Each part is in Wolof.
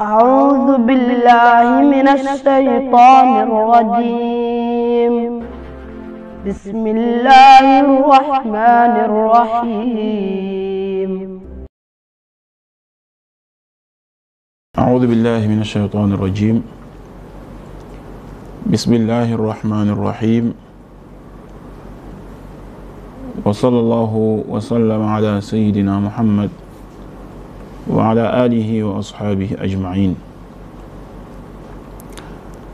أعوذ بالله من الشيطان الرجيم بسم الله الرحمن الرحيم أعوذ بالله من الشيطان الرجيم بسم الله الرحمن الرحيم وصلى الله وسلم على سيدنا محمد wa ala alihi wa asxaabihi ajmain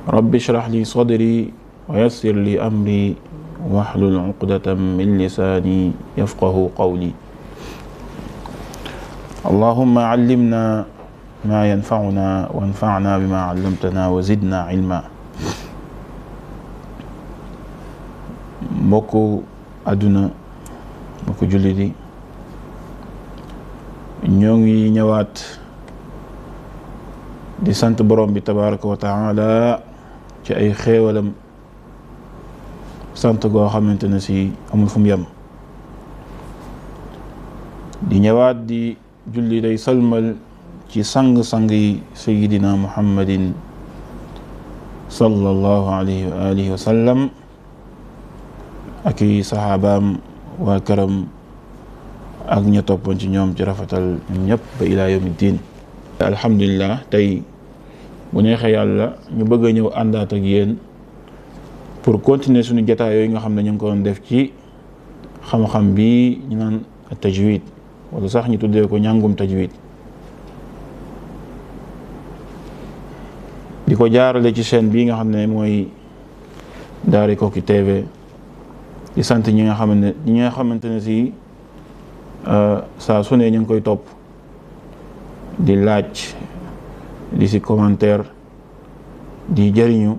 rabbi shrah li sadri wa yassir li amri wahlul uqdatan min lisaani yafqahu qawli allahumma allimna ma yanfa'una wa anfa'na bima 'allamtana wa zidna ilma mbokku àdduna mbokku jullit yi ñoo ngi ñëwaat di sant borom bi tabaraka wa taala ci ay xéewalam sant goo xamante ne si amul fu mu di ñëwaat di julli day salmal ci sang-sang yi sayidina muhammadin sallallahu alayhi wa alihi wa këram ak ña toppoon ci ñoom ci rafetal ñëpp ba ilaa yawmi diin alhamdulilah tey bu neexee yàlla ñu bëgg a ñëw àndaat ak yéen pour continuer suñu jataay yooyu nga xam ne ñu ngi ko doon def ci xam bi ñu naan tajwid wala sax ñu tuddee ko ñàngum tajwid di ko jaarale ci chaîne bii nga xam ne mooy Daara Koki TV di sant ñi nga xamante ñi nga xamante ne si Eh, saa su ne ñu ngi koy topp di laaj di si commentaire di jariñu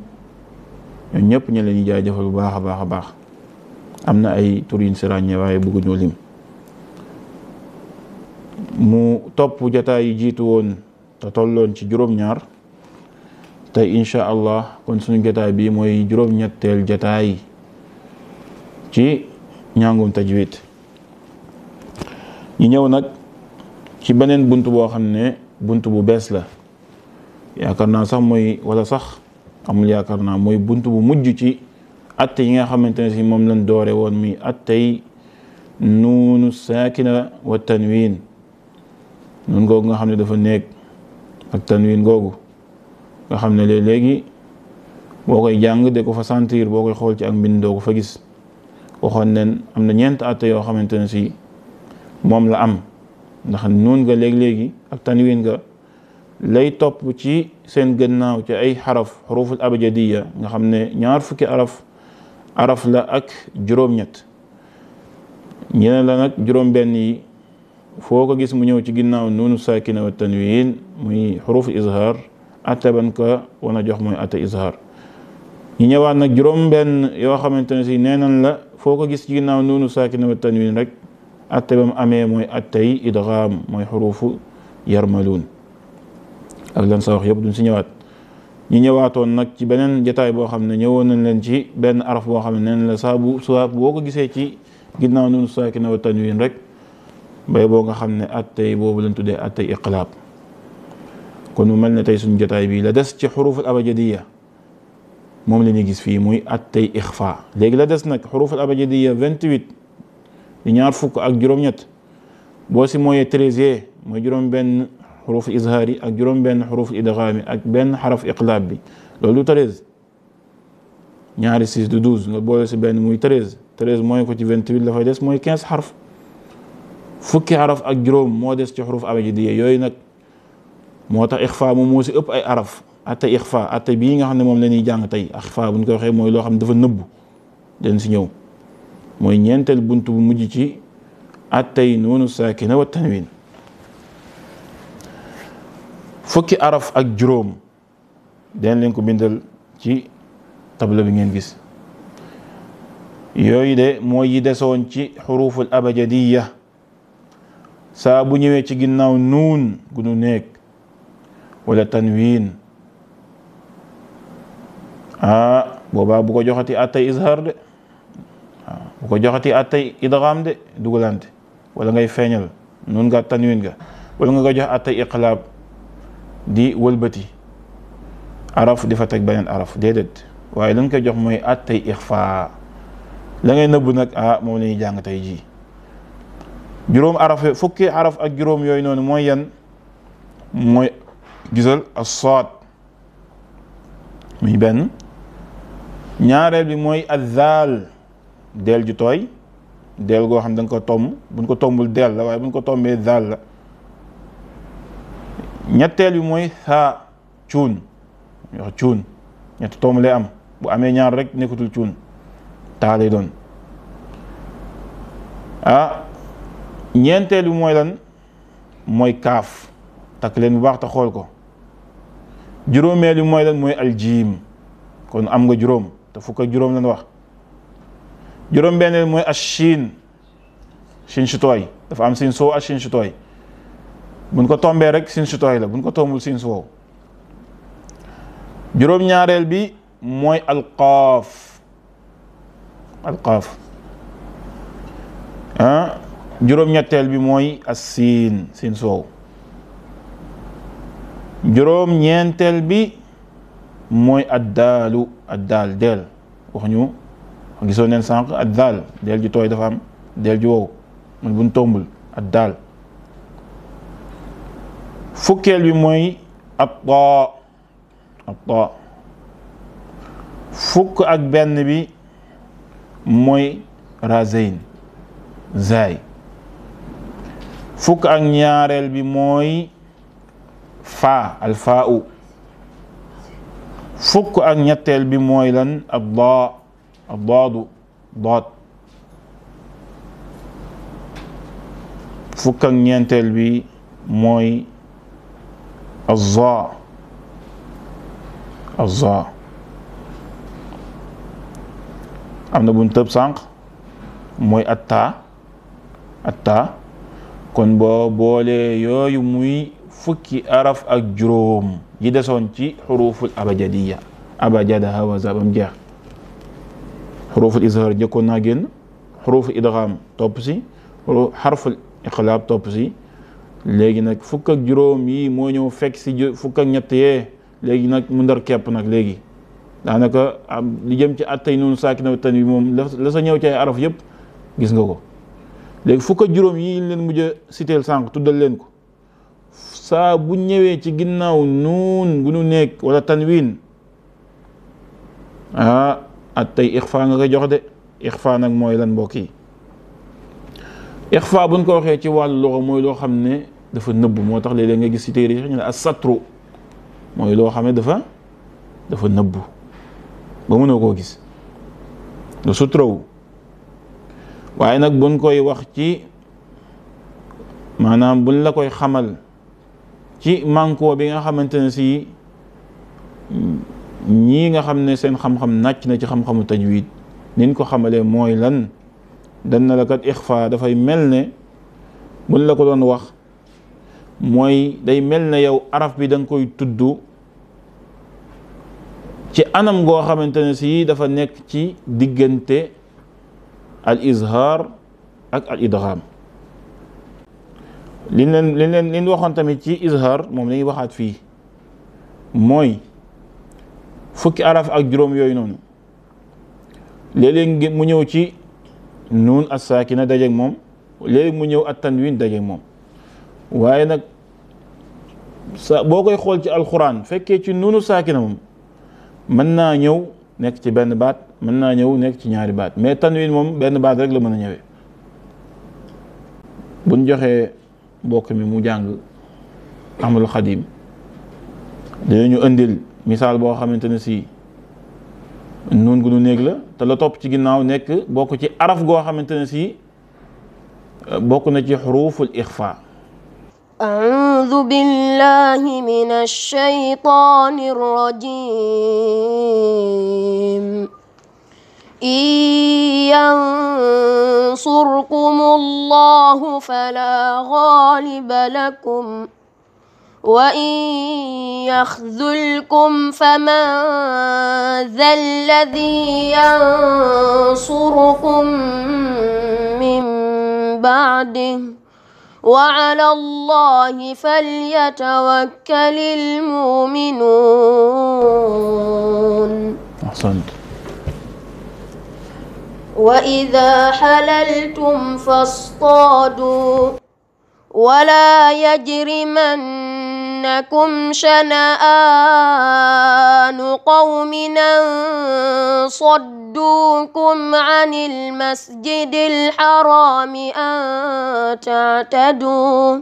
ñëpp ñu leen di jaajëfal bu baax a baax a baax am na ay tur yu si ràññee waaye bëgguñoo lim mu topp jataay yi jiitu woon te tolloon ci juróom-ñaar tey incha allah kon suñu jataay bii mooy juróom-ñetteel jataay ci ñàngum tajwid ñu ñëw nag ci beneen bunt boo xam ne bunt bu bees la yaakaar naa sax mooy wala sax amul yaakaar naa mooy bunt bu mujj ci atte yi nga xamante ne si moom lañ doore woon muy attey nuunu saakina wa wiin nuun googu nga xam ne dafa nekk ak wiin googu nga xam ne léeg-léegi boo koy jàng de ko fa sentir boo koy xool ci ak mbind doo ko fa gis waxoon nen am na ñeent atte yoo xamante ne si moom la am ndax nuun nga léeg-léegi ak tanwin nga lay topp ci seen gannaaw ci ay xaraf xuruful abjadiya nga xam ne ñaar fukki araf araf la ak juróom-ñett ñeneen la nag juróom-benn gis mu ñëw ci ginnaaw nuunu saakina muy xuruf izhar atte ban a jox mooy atte izhar ñu yoo xamante ne si nee nañ la foo ko gis ci ginnaaw nuunu saakina wa tanwin rek at atte mu amee mooy at attey idgham mooy xurufu yarmaluun ak lan sa wax yëpp duñ si ñëwaat ñu ñëwaatoon nag ci beneen jataay boo xam ne ñëwoon nañ leen ci benn araf boo xam ne neen la saabu saa boo ko gisee ci ginnaaw nun saakina wa tanwin rek bay boo nga xam ne at attey boobu lañ tuddee attey iqlaab kon mu mel ne tey suñu jotaay bi la des ci xuruful abajadiya moom la ñuy gis fii muy attey ixfa léegi la des nag xuruful abajadiya 28 ñaar fukk ak juróom-ñett boo si mooyee treize mooy juróom-benn xuruf izhaar yi ak juróom-benn xuruf idgaam ak benn xaraf iqlaab bi loolu du treize ñaari six du douze nga boole si benn muy treize treize mooy ko ci vingt-huit dafay des mooy quinze xaraf fukki xaraf ak juróom moo des ci xuruf abajadiya yooyu nag moo tax ixfa moom moo si ëpp ay araf atte ixfa bi yi nga xam ne moom la ñuy jàng tey ixfa bu ñu ko waxee mooy loo xam ne dafa nëbbu den si ñëw mooy ñeenteel bunt bu mujj ci attay noonu saakina wa tanwin fukki araf ak juróom den leen ko bindal ci tabla bi ngeen gis yooyu de mooy yi desoon ci xuruful abajadiya saa bu ñëwee ci ginnaaw nuun gu nu nekk wala tanwin ah boobaa bu ko attay izhar de waaw bu ko joxati attay idgham de dugalante wala ngay feeñal nun nga tanwin nga wala nga ko jox attay iqlaab di wëlbati araf di fa teg beneen araf déedéet waaye lañ koy jox mooy attay ixfa la ngay nëbb nag ah moom la ñuy tey ji juróom araf fukki araf ak juróom yooyu noonu mooy yan mooy gisal as-saad muy benn ñaareel bi mooy az-zaal deel ju tooy deel goo xam da nga ko tomb buñ ko tombul deel la waaye buñ ko tombee daal la ñetteel bi mooy xaa cuun wax cuun ñetti tomb lay am bu amee ñaar rek nekkatul cuun taa lay doon ah ñeenteel bi mooy lan mooy kaaf takk leen bu baax te xool ko juróomeel bi mooy lan mooy aljiim kon am nga juróom te fukk ak juróom lan wax juróom-benn mooy ashiin shin su tooy dafa am sin soow ak shin su tooy buñ ko tombee rek sin su tooy la buñ ko tombul sin soow juróom-ñaareel bi mooy alqaaf alqaaf ah juróom-ñetteel bi mooy assiin sin soow juróom-ñeenteel bi mooy addaalu addaal deel wax ñu gisoon neen sànq ak daal del ju tooy dafa am deel ju wow muy buñ tombul ak daal fukkeel bi mooy at taa at taa fukk ak benn bi mooy razayn zaay fukk ak ñaareel bi mooy faa alfaa u fukk ak ñetteel bi mooy lan ad daa addaadu daad fukk ak ñeenteel bi mooy azaa azaa am na buñ tëb sànq mooy attaa attaa kon boo boolee yooyu muy fukki araf ak juróom yi desoon ci xuruful abajadiya abajada hawa zabam jeex xuruful izhar njëkkoon naa génn xurufu idgham topp si xarful iqlaab topp si léegi nag fukk ak juróom yi moo ñëw fekk si fukk ak ñett léegi nag mu ndar kepp nag léegi daanaka am li jëm ci attay noonu saakina tan wi moom la sa ñëw ci ay araf yëpp gis nga ko léegi fukk juróom yi leen mujj a siteel sànq tuddal leen ko saa bu ñëwee ci ginnaaw nuun gu nu nekk wala tanwin ah, at tey ixfa nga koy jox de ixfa nag mooy lan mbokki yi ixfa buñ ko waxee ci wàllu loxo mooy loo xam ne dafa nëbb moo tax léeg nga gis ci téere yi ñu ne as satru mooy loo xam ne dafa dafa nëbbu ba mënoo koo gis lu sutrowu waaye nag buñ koy wax ci maanaam buñ la koy xamal ci manko bi nga xamante ne si ñii nga xam ne seen xam-xam nàcc na ci xam-xamu tajwid niñ ko xamalee mooy lan dan na la kat ixfa dafay mel ne buñ la ko doon wax mooy day mel ne yow araf bi danga koy tudd ci anam goo xamante ne si dafa nekk ci diggante al izhar ak al idgham li leen liñ leen liñ waxoon tamit ci izhar moom lañuy waxaat fii mooy fukki araf ak juróom yooyu noonu léeg-léeg mu ñëw ci nuun as-saakina dajeeg moom léeg mu ñëw at tanwin dajeeg moom waaye nag sa boo koy xool ci alxuraan fekkee ci nuunu saakina moom mën naa ñëw nekk ci benn baat mën naa ñëw nekk ci ñaari baat mais tan tanwin moom benn baat rek la mën a ñëwee buñ joxee mbokk mi mu jàng amul xadim dañu indil misaal boo xamante ne si nuun gu nu néeg la tela top ci ginnaaw nekk bokk ci araf goo xamante ne si euh, bokk na ci xuruuful ixfa أعوذ بالله من الشيطان الرجيم إن ينصركم الله فلا غالب لكم وإن يخذلكم فمن ذا الذي ينصركم من بعده وعلى الله فليتوكل المؤمنون أحسنت وإذا حللتم فاصطادوا ولا يجرمن يجرمنكم شنآن قوم أن صدوكم عن المسجد الحرام أن تعتدوا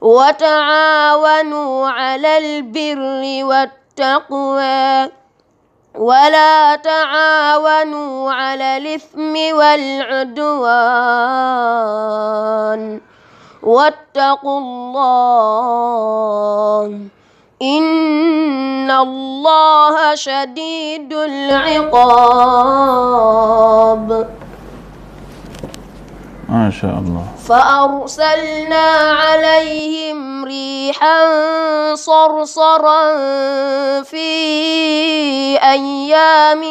وتعاونوا على البر والتقوى ولا تعاونوا على الإثم والعدوان واتقوا الله إن الله شديد العقاب ما شاء الله فأرسلنا عليهم ريحا صرصرا في أيام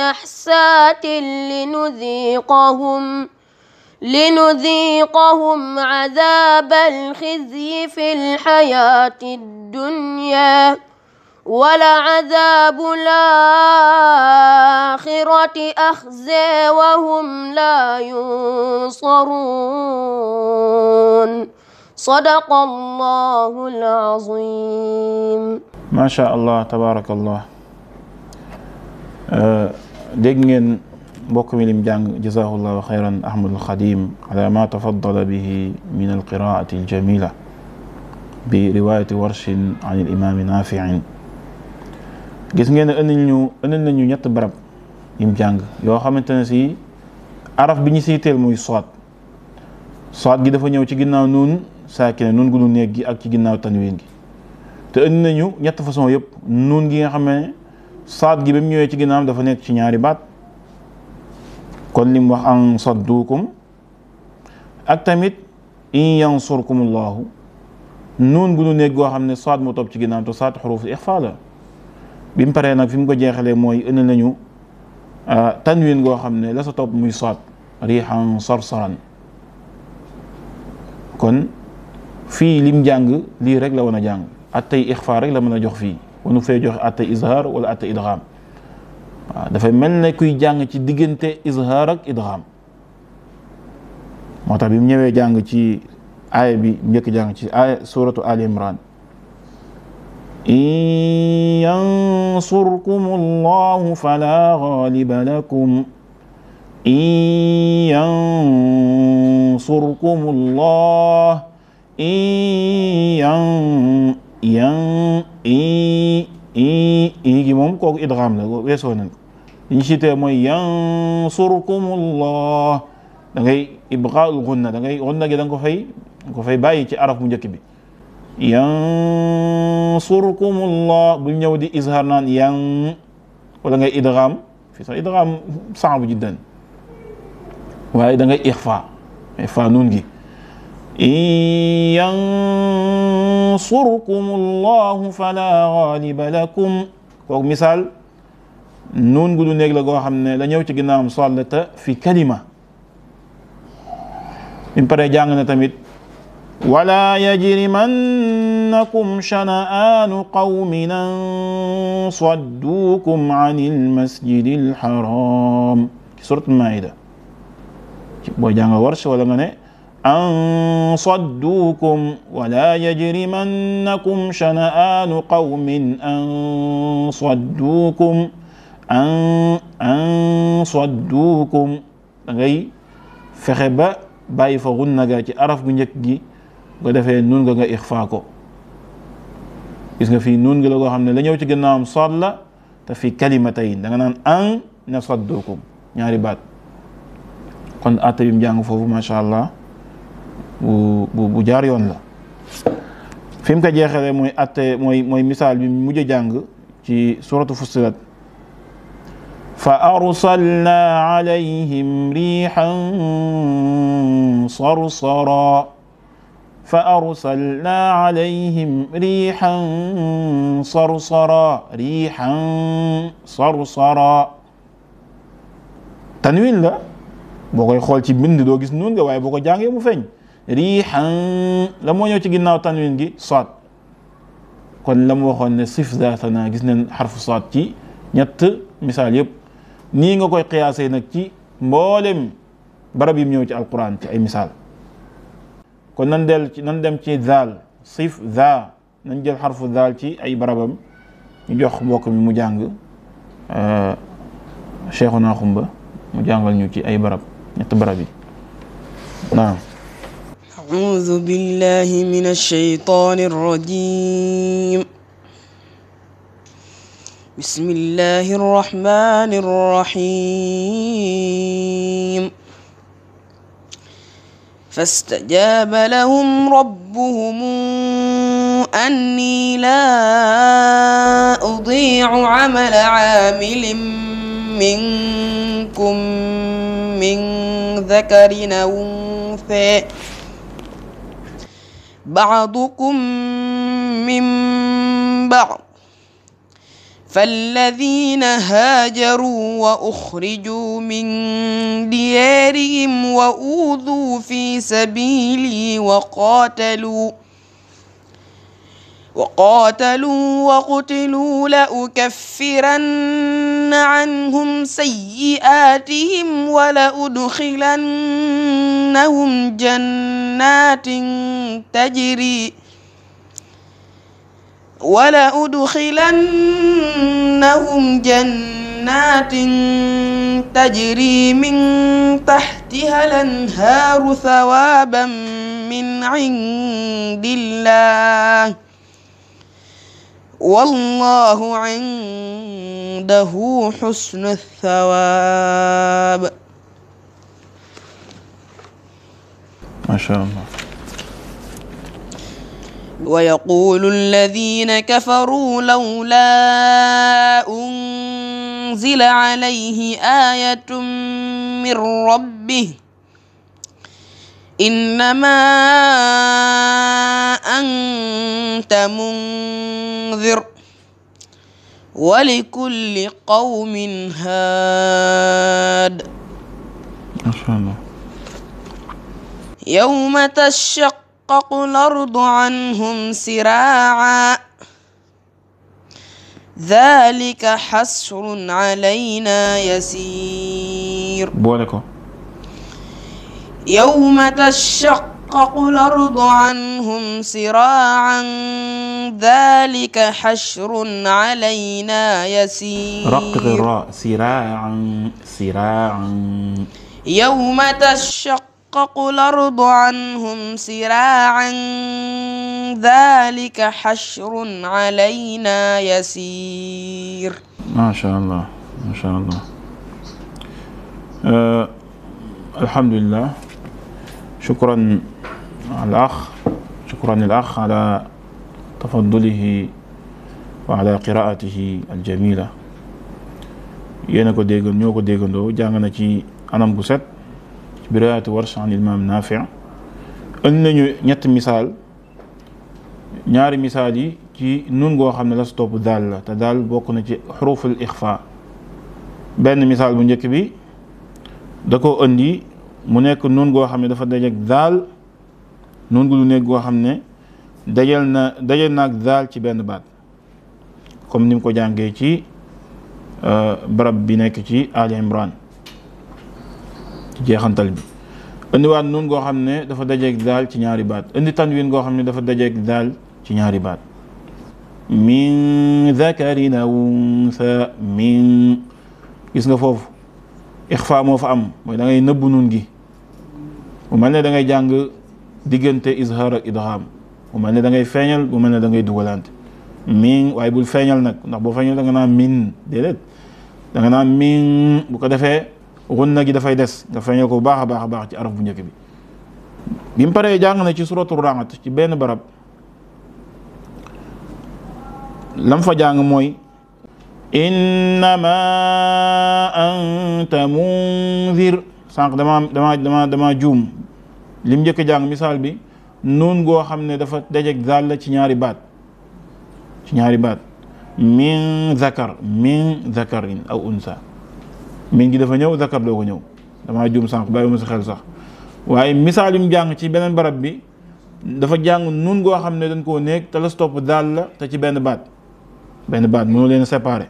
نحسات لنذيقهم لنذيقهم عذاب الخزي في الحياة الدنيا ولعذاب الآخرة أخزي وهم لا ينصرون صدق الله العظيم ما شاء الله تبارك الله أه دقن mbokk mi lim jàng jazahullahu xayran ahmadul xadim ala ma tafaddala bihi min alqiraati aljamila bi riwayati warshin an alimaami nafiin gis ngeen ne ëndil ñu nañu ñett barab yim jàng yoo xamante ne si araf bi ñu siy teel muy soit soit gi dafa ñëw ci ginnaaw nuun saakina nuun gu nu néeg gi ak ci ginnaw tanwin gi te indi nañu ñett façon yëpp nuun gi nga xam ne saat gi ba mu ñëwee ci ginnaaw dafa nekk ci ñaari baat kon li mu wax an sadduukum ak tamit in yansurkumullahu nuun gu nu nekk goo xam ne sot moo topp ci ginnaaw te saat xurufu ixfaa la bi mu paree nag fi mu ko jeexalee mooy indi nañu ah, tanwin goo xam ne la sa topp muy saat riixan sarsaran kon fii lim jàng lii rek la wan a jàng tey ixfaa rek la mën a jox fii wanu fee joxe attay izhaar wala attay idgham waaw dafay mel ne kuy jàng ci diggante izhaar ak moo tax bi mu ñëwee jàng ci aaya bi njëkk jàng ci aaya ali imran in yansurkum allahu fala ghaliba lakum in yansurkum allah in yan in ii gi moom ko idgham la weesoo nañ ko li ñu cité mooy yansurkumullah da ngay ibqaul gunna da ngay gunna gi da nga ko fay ko fay njëkk bi yansurkumullah bul ñëw di izhar naan yan wala ngay idgham fi sax idgham jiddan waaye da ngay ixfa ixfa in yansurkum allahu fala ghaliba lakum kooku misaal nuun gu du néeg la goo xam ne la ñëw ci ginnaawam sallata fi kalima im pare jàng na tamit wala yajrimannakum shana'aanu qawmin an sadduukum an almasjidi alharam ci surat maida booy warsh wala nga أن صدوكم ولا يجرمنكم شنآن قوم أن صدوكم أن أن صدوكم fexe ba bàyyi fa gunna ga ci araf gu njëkk gi nga defee nun nga nga ixfaa ko nga fii nun nga la koo xam ne la ñëw ci gannaawam sood la te fii kalimatayn da nga naan an ne saddukum ñaari baat kon atta bi mu jàng foofu macha allah bu bu jaar yoon la fi mu ko mooy atte mooy mooy misaal bi mujj a jàng ci suratu fussilat fa arsalna alayhim riixan sarsara fa arsalna alayhim riixan sarsara riixan sarsara tanwin la boo koy xool ci bind doo gis noonu waaye boo ko jàngee mu feeñ riixan la moo ñëw ci ginnaaw tanwin gi saad kon la mu waxoon ne sif zaatana gis neen xarfu saad ci ñett misaal yëpp nii nga koy qiyaasee nag ci mboolem barab yim ñëw ci alquran ci ay misaal kon nan ci nan dem ci zaal sif za nañ jël xarfu zaal ci ay barabam ñu jox mbokk mi mu jàng euh, cheikhuna xumba mu jàngal ñu ci ay barab ñett barab naam أعوذ بالله من الشيطان الرجيم بسم الله الرحمن الرحيم فاستجاب لهم ربهم أني لا أضيع عمل عامل منكم من ذكر أنثى بعضكم من بعض فالذين هاجروا وأخرجوا من ديارهم وأوذوا في سبيلي وقاتلوا وقاتلوا وقتلوا لأكفرن عنهم سيئاتهم ولأدخلنهم جنات تجري ولأدخلنهم جنات تجري من تحتها الأنهار ثوابا من عند الله والله عنده حسن الثواب ما شاء الله ويقول الذين كفروا لولا أنزل عليه آية من ربه إنما أنت منذر ولكل قوم هاد يوم تشقق الأرض عنهم سراعا ذلك حسر علينا يسير بولكو يوم تشقق الأرض عنهم سراعا ذلك حشر علينا يسير رق الراء سراعا سراعا يوم تشقق الأرض عنهم سراعا ذلك حشر علينا يسير ما شاء الله ما شاء الله أه الحمد لله شكرا على الأخ شكرا للأخ على تفضله وعلى قراءته الجميلة yéena ko déggan ñoo ko déggandoo jàng na ci anam gu set ci biraayatu warsh an imaam Naafi indi nañu ñett misaal ñaari misaal yi ci nun goo xam ne la su topp daal la daal bokk na ci xuruful ixfa benn misaal bu njëkk bi da indi mu nekk nun goo xam ne dafa dajeeg daal nun gu lu nekk goo xam ne dajal na dajal naag daal ci benn baat comme ni mu ko jàngee ci euh, barab bi nekk ci Ali Imran jeexantal bi indiwaat nun goo xam ne dafa dajeeg daal ci ñaari baat indi tanwin goo xam ne dafa dajeeg daal ci ñaari baat min zakarin aw unsa min gis nga foofu ixfa moo fa am mooy da ngay nëbb nun gi bu mal ne da ngay jàng diggante izhar ak bu mel ne da ngay feeñal bu mel ne dangay ngay dugalante min bul feeñal nag ndax boo feeñal da nga naa min déedéet da bu ko defee gunna gi dafay des nga feeñal ko bu baax baax a baax ci araf bu njëkk bi bi mu paree jàng na ci suratul raat ci benn barab lam fa jàng mooy innama anta munzir sànq dama dama dama juum lim njëkk jàng misaal bi nuun goo xam ne dafa dajeg zaal ci ñaari baat ci ñaari baat min zakar min zakarin aw unsa min gi dafa ñëw zakar doo ko ñëw dama juum sanq bàyyi ma si xel sax waaye misaal yum jàng ci beneen barab bi dafa jàng nun goo xam ne dañ koo néeg te la stopp daal la te ci benn baat benn baat mënoo leen separe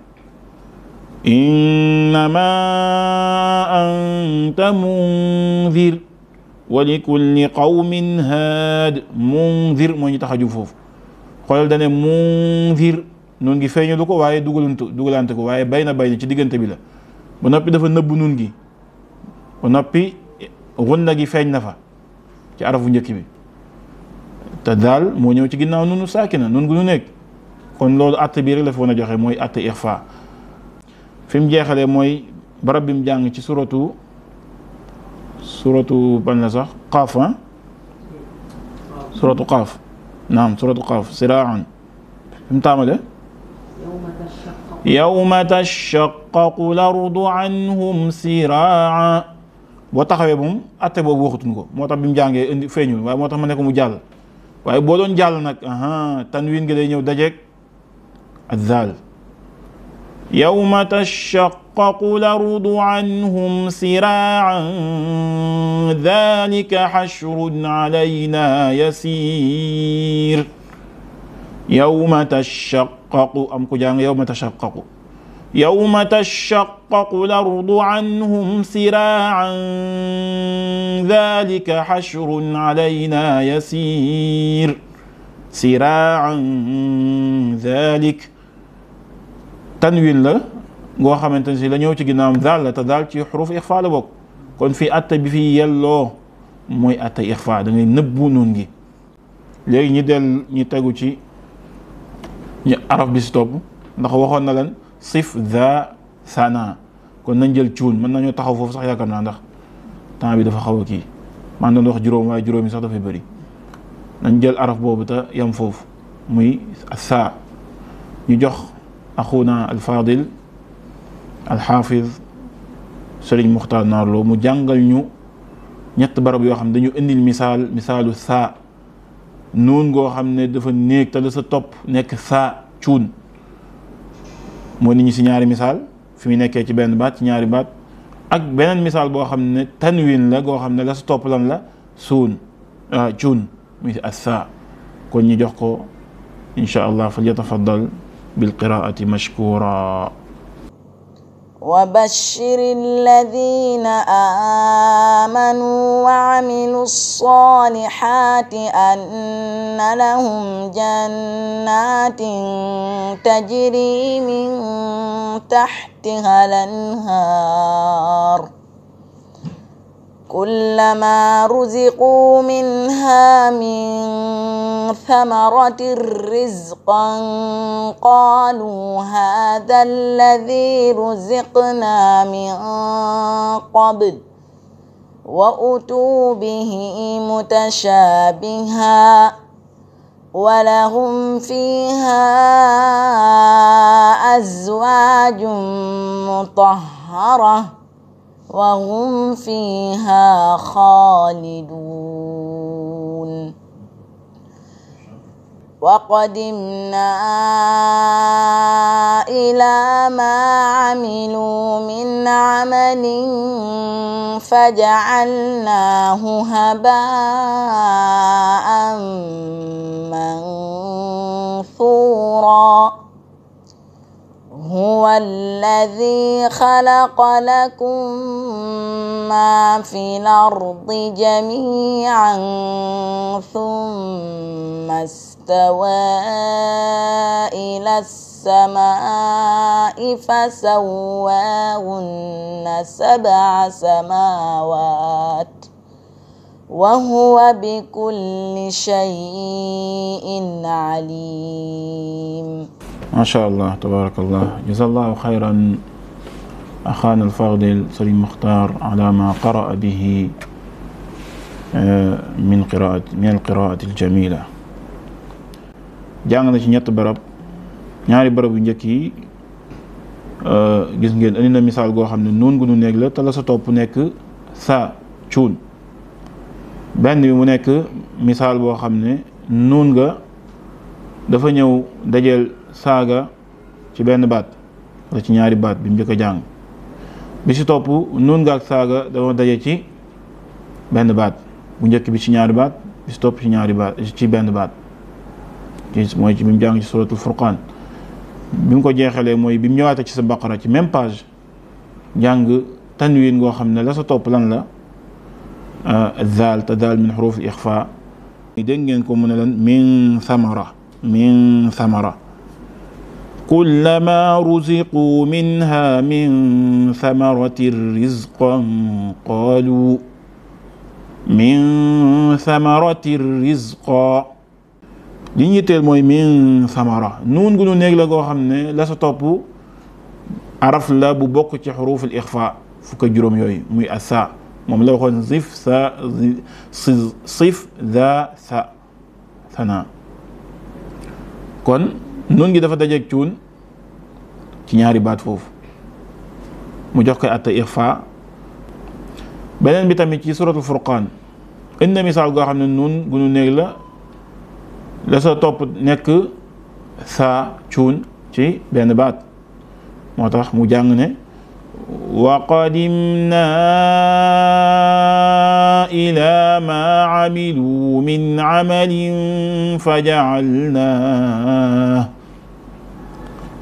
إنما أنت منذر ولكل قوم هاد mundir moo ñu tax a jub foofu xoolal dane mundir nun gi feeñalu ko waaye dugalantu dugalante ko waaye bay na bay ci diggante bi la ba noppi dafa nëbb nun gi ba noppi gunna gi feeñ na fa ci arafu njëkk bi te daal moo ñëw ci ginnaaw nunu saakina nun gu nu nekk kon loolu àtte bii rek la fi joxe mooy àtte ixfa fi mu jeexalee mooy barab bi mu jàng ci suratu suratu ban la sax qaaf ah suratu qaaf naam suratu qaaf siraan fi mu taamale yawma tashaqqaqu lardu anhum siraa boo taxawee moom atte boobu waxutuñ ko moo tax bi mu jàngee indi feeñul waaye moo tax ma ne ko mu jàll waaye boo doon jàll nag tanwin gi day ñëw dajeeg ak zaal يوم تشقق الأرض عنهم سراعا ذلك حشر علينا يسير يوم تشقق أم كجان يوم تشقق يوم تشقق الأرض عنهم سراعا ذلك حشر علينا يسير سراعا ذلك tanwin la ngoo xamante ne si la ñëw ci ginnaawam daal la te daal ci xuruf ixfa la bokk kon fii atte bi fii yelloo mooy atte ixfa da ngay nëbbu noon gi léegi ñi del ñi tegu ci ñu araf bi si ndax waxoon na leen sif za sana kon nañ jël cuun mën nañoo taxaw foofu sax yaakaar naa ndax temps bi dafa xaw a kii man doon wax juróom waaye juróomi sax dafay bëri nañ jël araf boobu ta yam foofu muy saa ñu jox axuna alfadil alxaafiz Sëriñ Muxtaar Naarloo mu jàngal ñu ñett barab yoo xam ne dañu indi misaal misaalu saa nuun goo xam ne dafa néeg te la sa topp nekk saa cuun moo nit si ñaari misaal fi mu nekkee ci benn baat ci ñaari baat ak benn misaal boo xam ne tanwin la goo xam ne la sa topp lan la suun ah, cuun muy as saa kon ñu jox ko incha allah fal yatafaddal بالقراءة مشكورا وبشر الذين آمنوا وعملوا الصالحات أن لهم جنات تجري من تحتها الأنهار كلما رزقوا منها من ثمرة رزقا قالوا هذا الذي رزقنا من قبل وأتوا به متشابها ولهم فيها أزواج مطهرة وهم فيها خالدون وقدمنا إلى ما عملوا من عمل فجعلناه هباء منثورا هو الذي خلق لكم ما في الأرض جميعا ثم استوى إلى السماء فسواهن سبع سماوات وهو بكل شيء عليم macha allah tabarakallah jazallahu xayran axaana alfadil sëriñ muxtaar ala ma qaraa bihi eh, min ci ñett barab ñaari barab yu njëkk yi eh, gis ngeen indi goo xam ne nuun gu la te la sa topp nekk sa bi mu nekk misaal boo xam ne nuun nga dafa ñëw dajeel saaga ci benn baat wala ci ñaari baat bi mu njëkk a jàng bi si topp nuun nga ak saaga dañoo daje ci benn baat bu njëkk bi ci ñaari baat bi si topp ci ñaari baat ci benn baat mooy ci bi mu jàng ci suratul furqaan bi ko jeexalee mooy bi mu ñëwaatee ci sa baqara ci même page jàng tanwin ngoo xam ne la sa topp lan la daal te daal min xuruuf ixfa dégg ngeen ko mu ne lan min samara min samara كلما رزقوا منها من ثمرة رزقا قالوا من ثمرة رزقا li ñu yitteel mooy min samara nuun gu nu néeg la goo xam ne la sa topp araf la bu bokk ci xuruuf al ixfa fukk ak juróom yooyu muy asa moom la waxoon zif sa sif za sa sana kon nun gi dafa dajeeg cuun ci ñaari baat foofu mu jox koy atta ixfa beneen bi tamit ci suratul furqaan indi na misaal goo xam ne nun gu nu néeg la la topp nekk saa cuun ci benn baat moo tax mu jàng ne wa qadimna ila ma amilu min amalin fa jaalnaa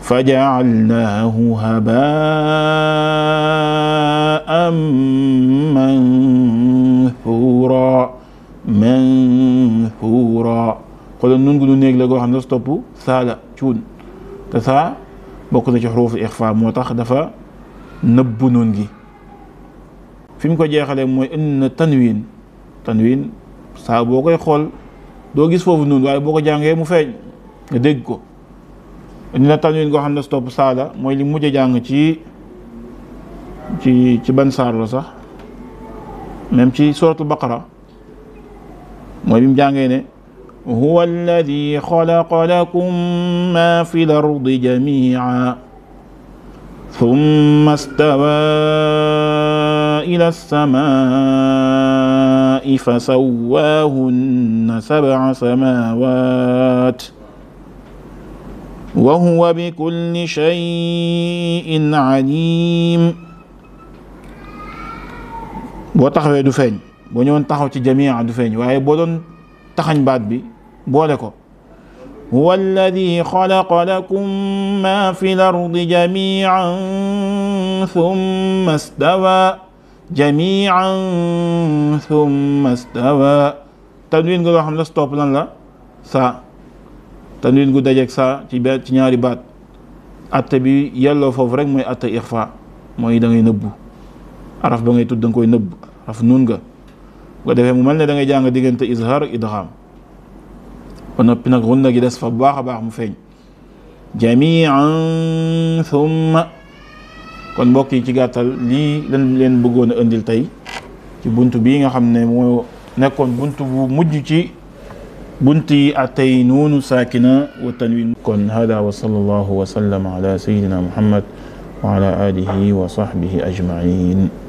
fajacalnaahu habaan manthura manthura xoolal nun gu nu néeg la goo xam ne dafa topp saala cuun te saa bokk na ci xuruufu ixfa moo tax dafa nëbbu nun gi fi mu ko jeexale mooy inna tanwin tanwin saa boo koy xool doo gis foofu nun waaye boo ko jàngee mu feeñ nga dégg ko dina tanwin goo xam ne stop saada mooy li mujj a jàng ci ci ci ban saar la sax même ci suratul baqara mooy bi mu jàngee ne huwa alladi xalaqa lakum ma fi l ardi jamica ثم استوى إلى السماء فسواهن سبع سماوات وهو بكل شيء عليم boo taxawee du feeñ boo ñëwoon taxaw ci jamia du feeñ waaye boo doon taxañ baat bi boole ko huwa alladi xalaqa lakum ma fi lardi jamian thumma stawa jamian thumma stawa tanwin nga loo xam ne stop lan la sa tanwin gu dajeeg saa ci benn ci ñaari baat atte bi yelloo foofu rek mooy atte ixfa mooy da nëbbu araf ba ngay tudd danga nga koy nëbb araf nun nga nga defee mu mel ne da ngay jàng diggante izhar idgham ba noppi nag xunna gi des fa bu baax a baax mu feeñ jamian thumma kon mbokk yi ci gàttal lii lan leen bëggoon a indil tey ci bunt bii nga xam ne moo nekkoon bunt bu mujj ci bunt yi atay nuunu saakina wa tanwin kon hada wa sallallahu wa sallam ala sayyidina muhammad wa ala alihi wa sahbihi ajmain